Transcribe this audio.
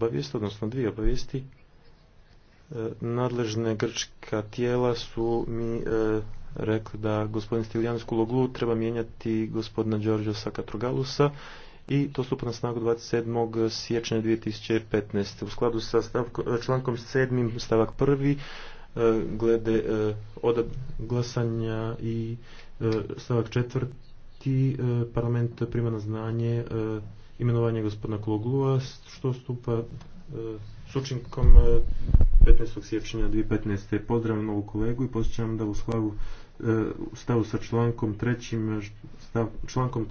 obavijest, odnosno dvije obavijesti, e, nadležne grčka tijela su mi e, rekli da gospodin Stiljanos Kuloglu treba mijenjati gospodina Đorđo Katrogalusa i to stupa na snagu 27. siječnja 2015. U skladu sa stavko, člankom 7. stavak 1. E, glede e, od glasanja i e, stavak 4. parlament prima na znanje imenovanje gospodina Kloglua što stupa e, s učinkom 15. sječnja 2015. Pozdravljam ovu kolegu i posjećam da e, u stavu sa člankom trećim, člankom trećim